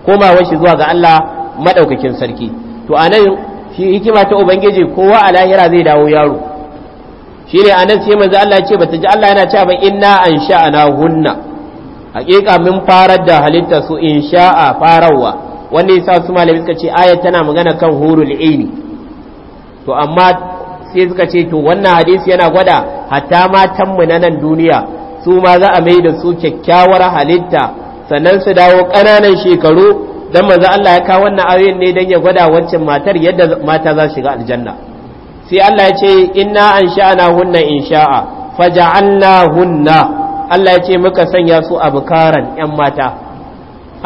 komawa shi zuwa ga Allah madaukakin sarki to a nan shi hikima ta ubangiji kowa a lahira zai dawo yaro shi ne anan sai manzo Allah ya ce bata ji Allah yana cewa ba inna an sha'ana hunna hakika mun farar da halitta su in sha'a farawa wanda yasa su malami suka ce ayat tana magana kan hurul aini to amma sai suka ce to wannan hadisi yana gwada hatta matan mu na nan duniya su ma za a mai da su kyakkyawar halitta sannan su dawo ƙananan shekaru don maza Allah ya kawo wannan ayoyin ne don ya gwada waccan matar yadda mata za shiga aljanna sai Allah ya ce inna an sha'ana hunna in sha'a faja'alna hunna Allah ya ce muka sanya su bukaran yan mata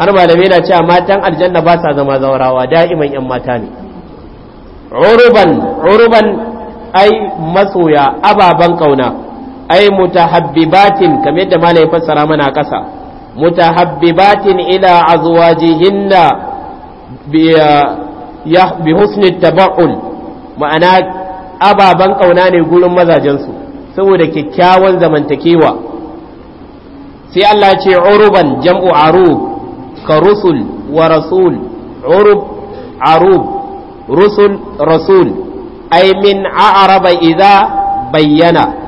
har malamai na cewa matan aljanna ba sa zama zaurawa da'iman yan mata ne uruban uruban ai masoya ababan kauna ai mutahabbibatin kamar da malai fassara mana kasa mutahabbibatin ila azwajihinna bi husni tabaul ma'ana ababan ƙauna ne gurin mazajensu saboda kyakkyawan zamantakewa sai Allah ce uruban jam'u arub ka rusul wa rasul urub arub rusul rasul ay min a'raba idza bayyana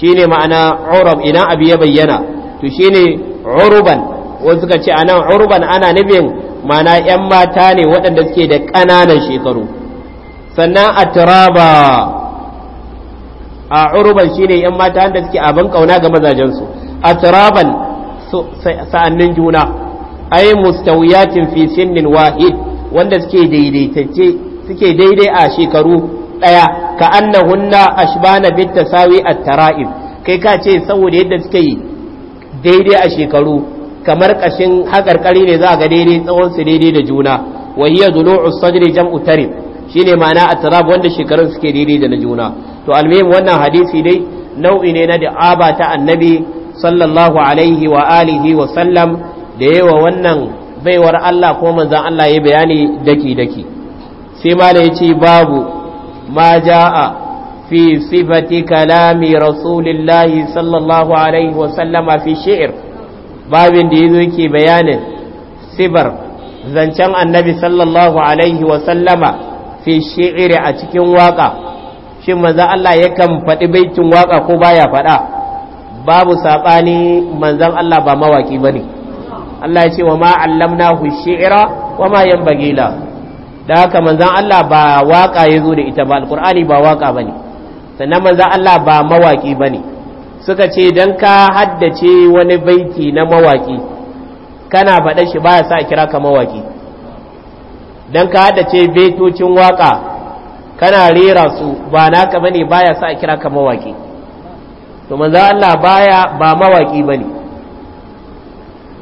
shine ma'ana urab idan abi ya bayyana to shine uruban wanda suka ce anan uruban ana nufin ma'ana yan mata ne waɗanda suke da ƙananan shekaru sannan atraba a uruban shine yan mata da suke abin kauna ga mazajensu atraban sa'annin juna ay mustawiyatin fi sinnin wahid wanda suke daidaitacce suke daidai a shekaru daya ka annahunna ashbana bit tasawi at-tara'ib kai ka ce saboda yadda suke yi daidai a shekaru kamar kashin hakarkari ne za ga daidai tsawon su daidai da juna wa hiya dulu'us sadri jam'u tarib shine ma'ana at-tarab wanda shekarun suke daidai da na juna to almuhim wannan hadisi dai nau'i ne na da'aba ta annabi sallallahu alaihi wa alihi wa sallam da yawa wannan baiwar Allah ko manzon Allah ya bayani daki daki sai ma da yace babu ما جاء في صفة كلام رسول الله صلى الله عليه وسلم في شعر باب ديذوكي بيان صبر زنشان النبي صلى الله عليه وسلم في شعر أتكين واقع شما ذا الله يكم فتبيت واقع كبايا فتا babu saɓani manzan Allah ba mawaki ba ne Allah ya ce wa ma'allam na hushi'ira wa ma yan bagila da haka manzan Allah ba waka ya zo da ita ba alkur'ani ba waka ba ne sannan manzan Allah ba mawaki ba ne suka ce don ka haddace wani baiti na mawaki kana faɗa shi ba ya sa kira ka mawaki don ka haddace betocin waka kana rera su ba naka ba ya sa kira ka mawaki to manzan Allah baya ba mawaki bane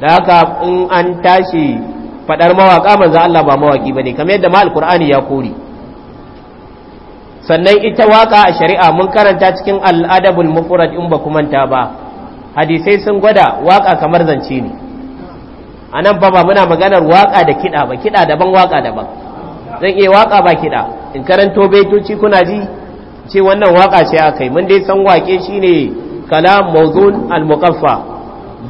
da haka in an tashi fadar mawaka manzo Allah ba mawaki bane kamar yadda ma alqur'ani ya kore sannan ita waka a shari'a mun karanta cikin al'adabul mufrad in ba manta ba hadisai sun gwada waka kamar zance ne anan fa ba muna maganar waka da kida ba kida daban waka daban zan iya waka ba kida in karanto baitoci kuna ji ce wannan waka ce akai mun dai san wake shine kalam mawzun al-muqaffa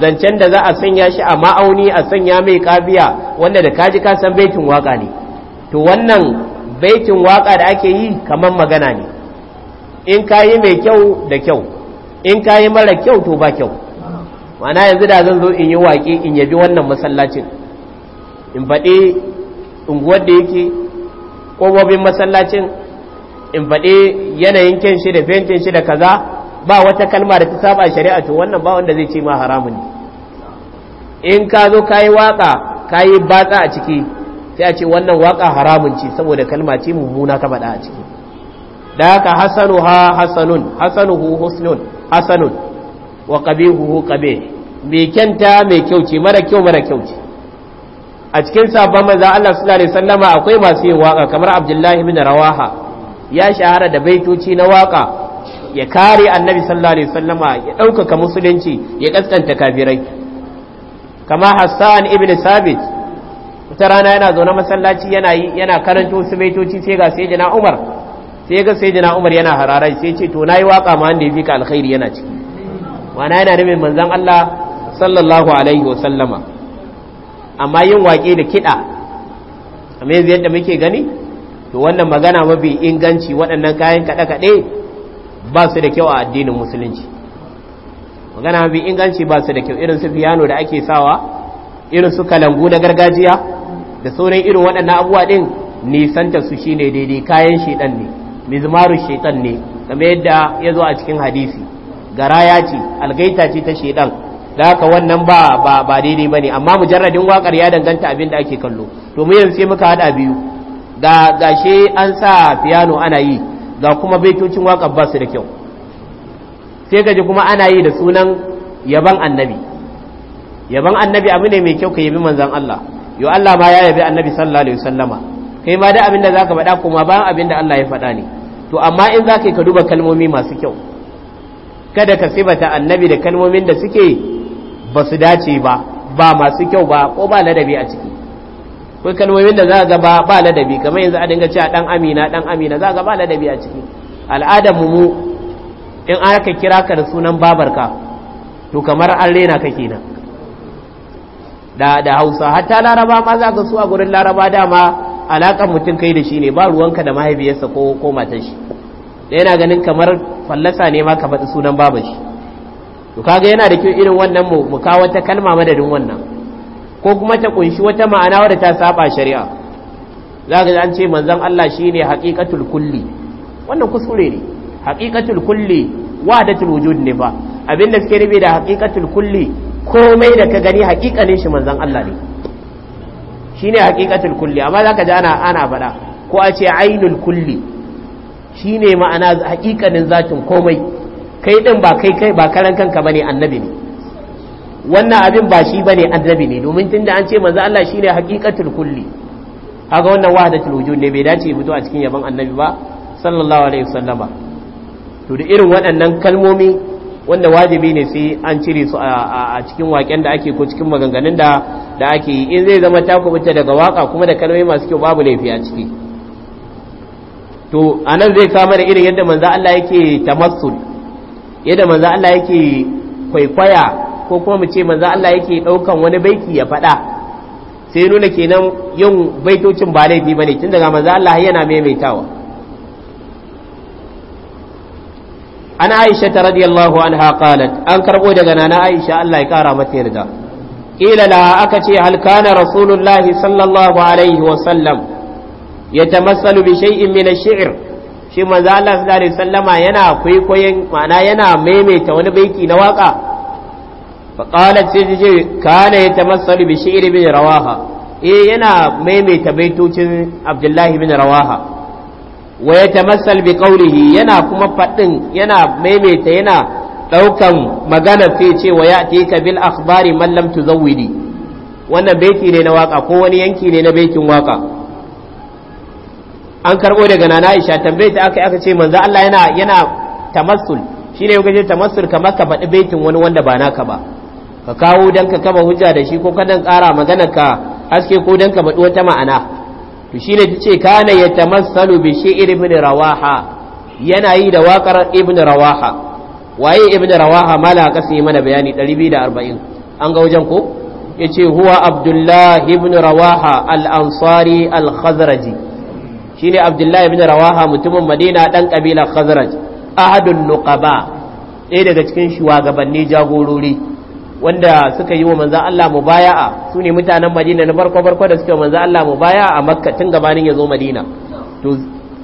zancen da za a sanya shi a ma'auni a sanya mai kabiya wanda da kaji kasan san baitin waka ne to wannan baitin waka da ake yi kamar magana ne in kayi mai kyau da kyau in kayi mara kyau to ba kyau mana yanzu da zan zo in yi waƙi in yabi wannan masallacin in faɗi unguwar da yake ƙobobin masallacin in faɗi yanayin kyan shi da fentin shi da kaza ba wata kalma da ta saba shari'a to wannan ba wanda zai ce ma haramun ne in ka zo kayi waka kayi batsa a ciki sai a ce wannan waka haramun ce saboda kalma ce mummuna ka faɗa a ciki da haka hasanu ha hasanun hasanuhu husnun hasanun wa qabihuhu qabih mai kyanta mai kyau ce mara kyau mara kyau ce a cikin sabon maza Allah sallallahu alaihi wasallama akwai masu yin waka kamar Abdullahi bin Rawaha ya shahara da baitoci na waka ya kare annabi sallallahu alaihi wasallam ya ɗaukaka musulunci ya kaskanta kafirai kamar hassan ibn sabit wata rana yana zaune masallaci yana yi yana karanto su baitoci sai ga sayyidina umar sai ga sayyidina umar yana hararai sai ce to nayi waka ma wanda ya ka alkhairi yana ciki wana yana da nufin manzon Allah sallallahu alaihi wasallama amma yin waƙe da kiɗa amma yanzu yadda muke gani to wannan magana mafi inganci waɗannan kayan kaɗe-kaɗe ba su da kyau a addinin musulunci magana mafi inganci ba su da kyau irin su fiyano da ake sawa irin su kalangu na gargajiya da sauran irin waɗannan abubuwa ɗin nisanta su shine daidai kayan shaitan ne mizmaru shaitan ne game yadda ya zo a cikin hadisi garaya ce algaita ce ta shaitan da haka wannan ba ba ba daidai ne amma mujarradin wakar ya danganta abin da ake kallo to mu yanzu sai muka haɗa biyu ga gashe an sa fiyano ana yi ga kuma baitocin waƙar ba su da kyau sai gaji kuma ana yi da sunan yaban annabi yaban annabi abu ne mai kyau ka yabi manzan Allah yau Allah ma ya yabi annabi sallallahu alaihi wasallama kai ma da abinda da ka faɗa kuma bayan abin da Allah ya faɗa ne to amma in za ka duba kalmomi masu kyau kada ka sibata annabi da kalmomin da suke ba su dace ba ba masu kyau ba ko ba ladabi a ciki akwai kalmomin da za ga ba ba ladabi kamar yanzu a dinga cewa dan amina dan amina za ga ba ladabi a ciki al'adar mu in ka kira ka da sunan babarka to kamar an rena ka kenan da da Hausa hatta Laraba ma za ka su a gurin Laraba dama alakan mutum kai da shi ne ba ruwanka da mahaifiyarsa ko ko matar shi da yana ganin kamar fallasa ne ma ka faɗi sunan baban shi to kaga yana da kyau irin wannan mu kawo ta kalma madadin wannan ko kuma ta kunshi wata ma'ana wadda ta saba shari'a za ka an ce manzan Allah shi ne haƙiƙatul kulli wannan kuskure ne haƙiƙatul kulli da wujud ne ba abin da suke nufi da haƙiƙatul kulli komai da ka gani haƙiƙanin shi manzan Allah ne Shi ne haƙiƙatul kulli amma za ka ji ana faɗa ko a ce ainul kulli ne ma'ana haƙiƙanin zatin komai kai ɗin ba kai kai ba karan kanka bane annabi ne wannan abin ba shi bane annabi ne domin tunda an ce manzo Allah shine haqiqatul kulli kaga wannan wahdatul wujud ne bai dace fito a cikin yaban annabi ba sallallahu alaihi wasallama to da irin waɗannan kalmomi wanda wajibi ne sai an cire su a cikin waken da ake ko cikin maganganun da da ake yi in zai zama takwabta daga waka kuma da kalmomi masu kyau babu laifi a ciki to anan zai kama da irin yadda manzo Allah yake tamassul yadda manzo Allah yake kwaikwaya ko kuma mu ce manzo Allah yake daukan wani baiti ya faɗa sai nuna kenan yin baitocin ba laifi bane tun daga manzo Allah yana maimaitawa an Aisha ta radiyallahu anha qalat an karbo daga nana Aisha Allah ya kara mata yarda ila la aka ce hal kana rasulullah sallallahu alaihi wa sallam yatamassalu bi shay'in min ash-shi'r shi manzo Allah sallallahu alaihi sallama yana kwaikwayon ma'ana yana maimaita wani baiti na waka faƙalar sai ta ce kana ya tamassalu bi shi'ir bin rawaha eh yana maimaita baitocin abdullahi bin rawaha wa ya tamassal bi qawlihi yana kuma faɗin yana maimaita yana ɗaukan magana sai ce wa ya'tika bil akhbari man lam tuzawwidi wannan baiti ne na waka ko wani yanki ne na baitin waka an karɓo daga nana Aisha tambaye ta aka aka ce manzo Allah yana yana tamassul shine kuka ce tamassul kamar ka faɗi baitin wani wanda ba naka ba ka kawo dan ka kama hujja da shi ko kadan ƙara maganar ka haske ko dan ka baɗi wata ma'ana to shine ta ce kana ya tamassalu bi shi'ir ibn rawaha yana yi da waƙar ibn rawaha waye ibn rawaha mala kasi mana bayani 240 an ga wajen ko yace huwa abdullah ibn rawaha al-ansari al-khazraji shine abdullah ibn rawaha mutumin madina ɗan kabilar khazraj ahadun nukaba ɗaya daga cikin shugabanni jagorori wanda suka yi wa manzan Allah a su ne mutanen madina na farko-farko da suka yi manzan Allah mu baya a makka tun gabanin ya zo madina to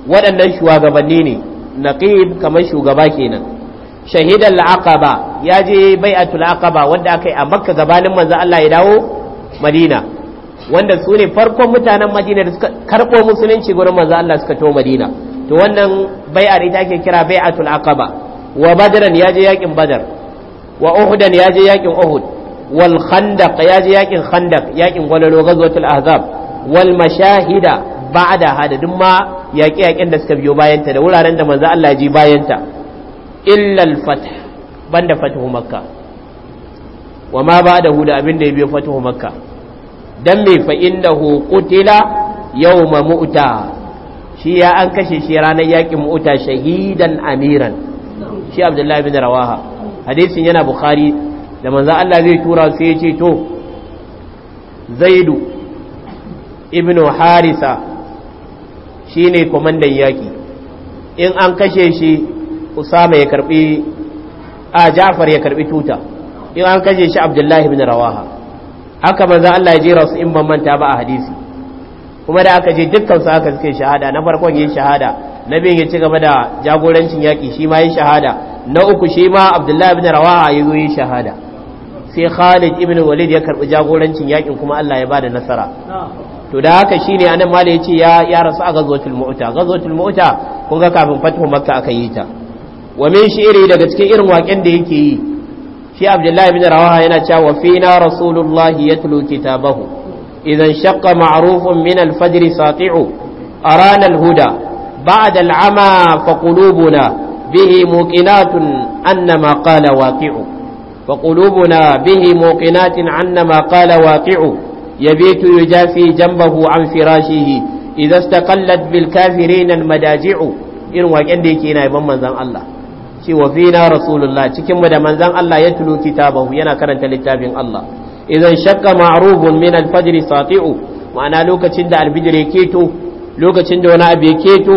waɗannan shugabanni ne naqib kamar shugaba kenan shahidan la'aqaba ya je bai'atul aqaba wanda aka yi a makka gabanin manzan Allah ya dawo madina wanda su ne farkon mutanen madina da suka karɓo musulunci gurin manzan Allah suka to madina to wannan a ita ake kira bai'atul aqaba wa badran ya je yakin badar wa uhudan ya je yakin uhud wal khandaq ya je yakin khandaq yakin gwalalo gazwatul ahzab wal mashahida ba'da hada duk ma yaƙi da suka biyo bayanta da wuraren da manzo Allah ji bayanta illa al fath banda fatuhu makka wa ma ba'dahu da abin da ya biyo fatuhu makka dan me fa innahu qutila yawma mu'ta shi ya an kashe shi ranar yaƙin mu'ta shahidan amiran shi abdullahi bin rawaha hadisin yana bukhari da manzan Allah zai tura sai ya ce to zaidu ibnu harisa shine komandan yaki in an kashe shi usama ya karbi a ja'far ya karbi tuta in an kashe shi abdullahi ibn rawaha haka manzan Allah ya jera rasu in ban manta ba a hadisi kuma da aka je dukkan su aka suke shahada na farkon yin shahada na biyun ya ci gaba da jagorancin yaki shi ma yin shahada na uku shi ma abdullahi bin rawaha ya zo yi shahada sai khalid ibn walid ya karbi jagorancin yakin kuma Allah ya bada nasara to da haka shine anan mala yace ya ya rasu a gazwatul mu'ta gazwatul mu'ta kun ga kafin fatuhu makka aka yi ta wa min shi'ri daga cikin irin waken da yake yi shi abdullahi bin rawaha yana cewa fina rasulullahi yatlu kitabahu idan shaqqa ma'rufun min al-fajr sati'u arana al-huda ba'da al-ama fa qulubuna به موقنات أن ما قال واقع وقلوبنا به موقنات أن ما قال واقع يبيت يجافي جنبه عن فراشه إذا استقلت بالكافرين المداجع إن وكأن ديكينا يبن منزان الله شي وفينا رسول الله تكم دا منزان الله يتلو كتابه ينا كرنت للتابين الله إذا شك معروف من الفجر ساطع ma'ana lokacin da albijir ya keto lokacin da wani abu ya keto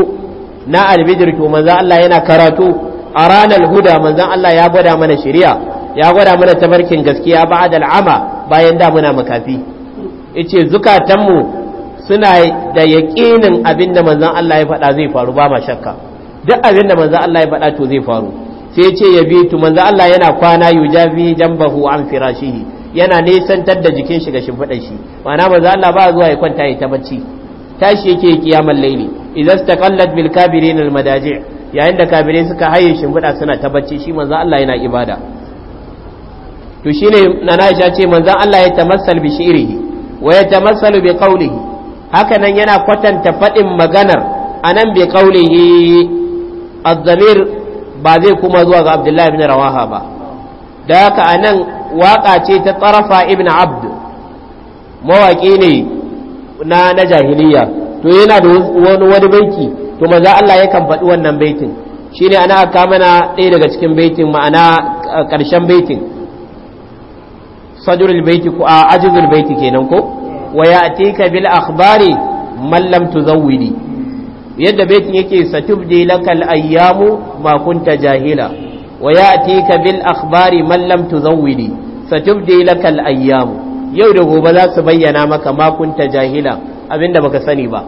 na albijir to manzan Allah yana karatu a ranar huda manzan Allah ya gwada mana shari'a ya gwada mana tabarkin gaskiya ba da la'ama, bayan da muna makafi ice zukatanmu suna da yaƙinin abinda manzo Allah ya faɗa zai faru ba ma shakka duk abinda da manzan Allah ya faɗa to zai faru sai yace ya bi tu manzan Allah yana kwana yujabi jambahu an firashihi yana nesantar da jikin shi ga shimfiɗar shi ma'ana manzan Allah ba zuwa ya kwanta ya ta bacci tashi yake kiyamar laili idan istaqallat bil kabirin al madaji yayin da kabirai suka haye shimfiɗa suna ta bacci shi manzon Allah yana ibada to shine nana Aisha ce manzon Allah ya tamassal bi shi'rihi wa ya tamassalu bi qawlihi haka nan yana kwatanta faɗin maganar anan bi qawlihi az-zamir ba zai kuma zuwa ga Abdullahi ibn Rawaha ba da haka anan waka ce ta tarafa ibn Abd mawaki ne na na jahiliya to yana da wani wani baiti to maza Allah yakan faɗi wannan baitin shine ana aka mana ɗaya daga cikin baitin ma'ana ƙarshen baitin sadrul baiti ko ajizul baiti kenan ko wa ya'tika bil akhbari man lam tuzawwidi yadda baitin yake satubdi lakal ayyamu ma kunta jahila wa ya'tika bil akhbari man lam tuzawwidi satubdi lakal ayyamu yau da gobe za su bayyana maka makunta jahila abinda baka sani ba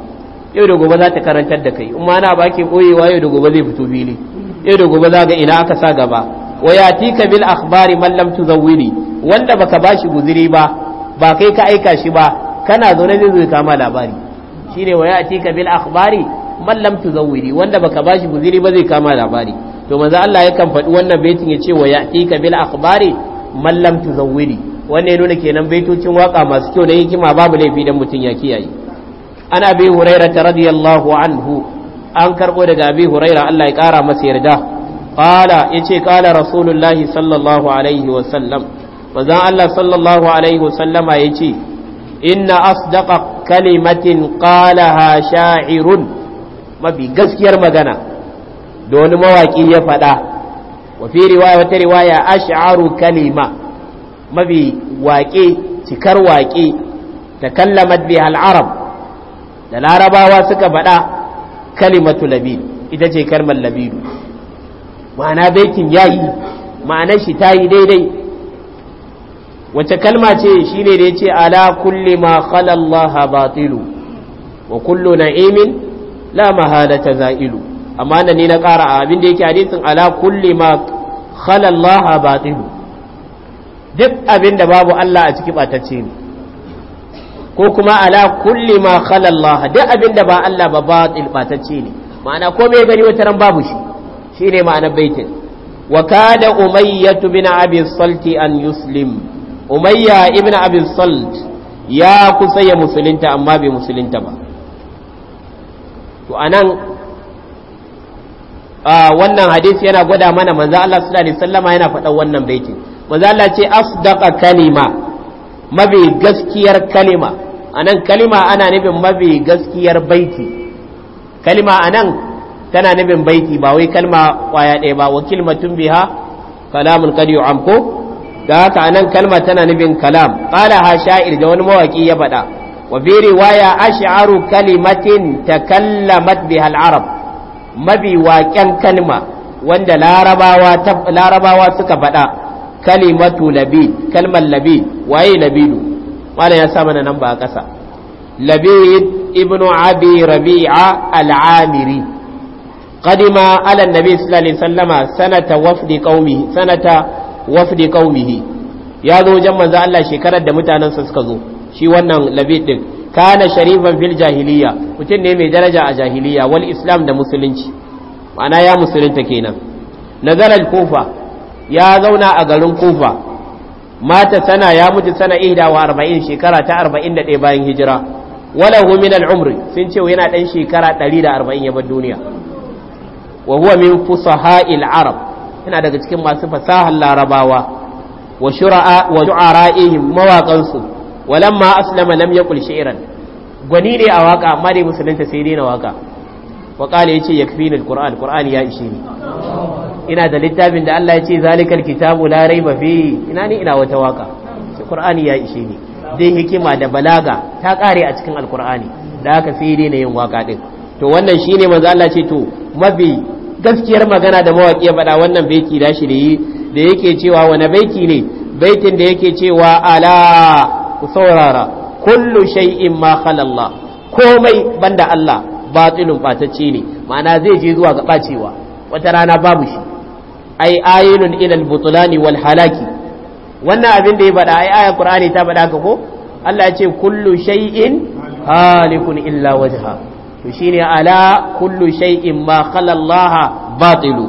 yau da gobe za ta karantar da kai umma na baki boyewa yau da gobe zai fito fili yau da gobe za ga ina aka sa gaba wa ka bil akhbari man lam tuzawwili wanda baka bashi guzuri ba ba kai ka aika shi ba kana zaune zai zo kama labari shine wa ka bil akhbari man lam tuzawwili wanda baka bashi guzuri ba zai kama labari to manzo Allah ya kan faɗi wannan baitin ya ce wa ka bil akhbari man lam tuzawwili ya nuna kenan baitocin waka masu kyau da hikima babu laifi dan mutum ya kiyaye ana bi huraira ta radiyallahu anhu an karbo daga abi huraira Allah ya kara masa yarda qala yace qala rasulullahi sallallahu alaihi wa sallam manzon Allah sallallahu alaihi wa sallama yace inna asdaqa kalimatin qalaha sha'irun mafi gaskiyar magana da wani mawaki ya faɗa wa fi riwaya wata riwaya ash'aru kalima mafi waƙe cikar waƙe ta kallamat bihal arab da larabawa suka faɗa kalimatu labid ita ce kalmar labidu ma'ana baikin yayi ma'anar shi ta yi daidai wace kalma ce shi ne da ya ce ala kulli ma khalallaha batilu wa kullu na'imin la mahalata za'ilu amma nan ne na ƙara abin da yake hadisin ala kulli ma khalallaha batilu duk abin da babu Allah a ciki ɓatacce ne ko kuma ala kulli ma khala duk abin da ba Allah ba batil ɓatacce ne ma'ana ko bai gani wata ran babu shi shine ma'anar baitin wa kada umayyah bin abi salti an yuslim umayya ibn abi salt ya kusa ya musulunta amma bai musulunta ba to anan wannan hadisi yana gwada mana manzo Allah sallallahu alaihi wasallama yana faɗan wannan baitin manzala ce asdaqa kalima mabi gaskiyar kalima nan kalima ana nufin mabi gaskiyar baiti kalima nan tana nufin baiti ba wai kalma kwaya ɗaya ba wa kilmatun biha kalamun qad yu'am ko da haka anan kalma tana nufin kalam ƙala ha sha'ir da wani mawaki ya faɗa wa bi riwaya ash'aru kalimatin takallamat biha al-arab mabi waƙen kalma wanda larabawa suka faɗa kalimatu labid kalmar labid waye labidu wala ya sa mana nan ba a ƙasa labid ibnu abi rabi'a al'amiri qadima ala nabi sallallahu alaihi wasallama sanata wafdi qaumihi sanata wafdi qaumihi ya zo wajen manzo Allah shekarar da mutanen sa suka zo shi wannan labid din kana sharifan fil jahiliya mutum ne mai daraja a jahiliya wal islam da musulunci ma'ana ya musulunta kenan nazaral kufa ya zauna a garin kufa mata sana ya mutu sana ihda wa arba'in shekara ta arba'in da ɗaya bayan hijira wala hu minal umri sun ce yana ɗan shekara ɗari da arba'in ya bar duniya wa huwa min fusaha'il arab yana daga cikin masu fasahar larabawa wa shura'a wa shu'ara'ihim mawaƙansu walamma aslama lam yaqul shi'ran gwani ne a waka amma dai musulunta sai dai na waka wa qala yace yakfini alquran alquran ya ishe ni ina da littafin da Allah ya ce zalikal kitabu la raiba fi ina ni ina wata waka sai ya ishe ni dai hikima da balaga ta kare a cikin alqur'ani da haka sai dai na yin waka din to wannan shine manzo Allah ce to mabi gaskiyar magana da mawaki ya faɗa wannan baiti da shi da yake cewa wani baiti ne baitin da yake cewa ala ku saurara kullu shay'in ma khala Allah komai banda Allah batilun batacce ne ma'ana zai je zuwa ga bacewa wata rana babu shi ai ayinun ilal butulani wal halaki wannan abin da ya bada ai ayar qur'ani ta bada ka ko Allah ya ce kullu shay'in halikun illa wajha to shine ala kullu shay'in ma khala Allah batilu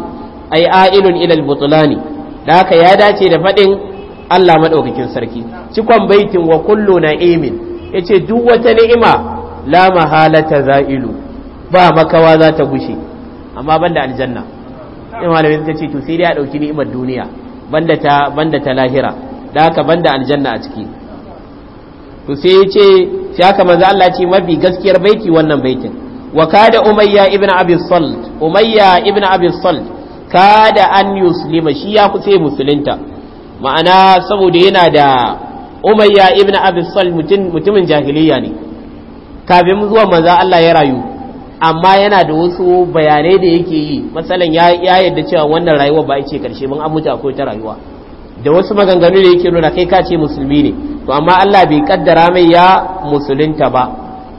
ai ailun ila al da haka ya dace da fadin Allah madaukakin sarki cikon baitin wa kullu na'imin yace duk wata ni'ima la mahalata za'ilu ba makawa za ta gushe amma banda aljanna in malamai suka ce to sai dai a dauki ni'imar duniya banda ta banda ta lahira da haka banda aljanna a ciki to sai ya ce sai haka manzo Allah ce mafi gaskiyar baiti wannan baitin wa kada umayya ibn abi salt umayya ibn abi salt kada an yuslima shi ya kusa musulunta ma'ana saboda yana da umayya ibn abi salt mutumin jahiliya ne kafin zuwa manzo Allah ya rayu amma yana da wasu bayanai da yake yi matsalan ya yadda cewa wannan rayuwa ba ce karshe ban an akwai ta rayuwa da wasu maganganu da yake nuna kai ka ce musulmi ne to amma Allah bai kaddara mai ya musulunta ba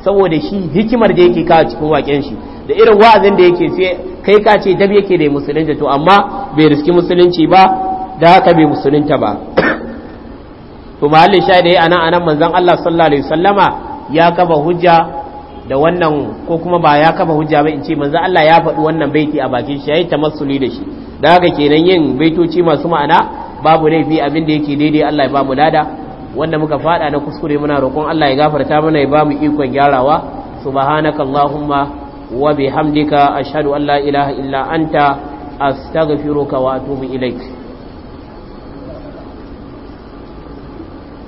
saboda shi hikimar da yake kawo cikin waken shi da irin wa'azin da yake sai kai ka ce dab yake da musulunta to amma bai riski musulunci ba da haka bai musulunta ba to mahallin shaida ya anan anan manzon Allah sallallahu alaihi wasallama ya kafa hujja da wannan ko kuma ba ya kafa hujja ba in ce manzo Allah ya faɗi wannan baiti a bakin shi yayi tamassuli da shi da haka kenan yin baitoci masu ma'ana babu laifi abin da yake daidai Allah ya babu lada wanda muka fada na kuskure muna roƙon Allah ya gafarta mana ya bamu ikon gyarawa subhanakallahumma wa bihamdika ashhadu an la ilaha illa anta astaghfiruka wa atubu ilaik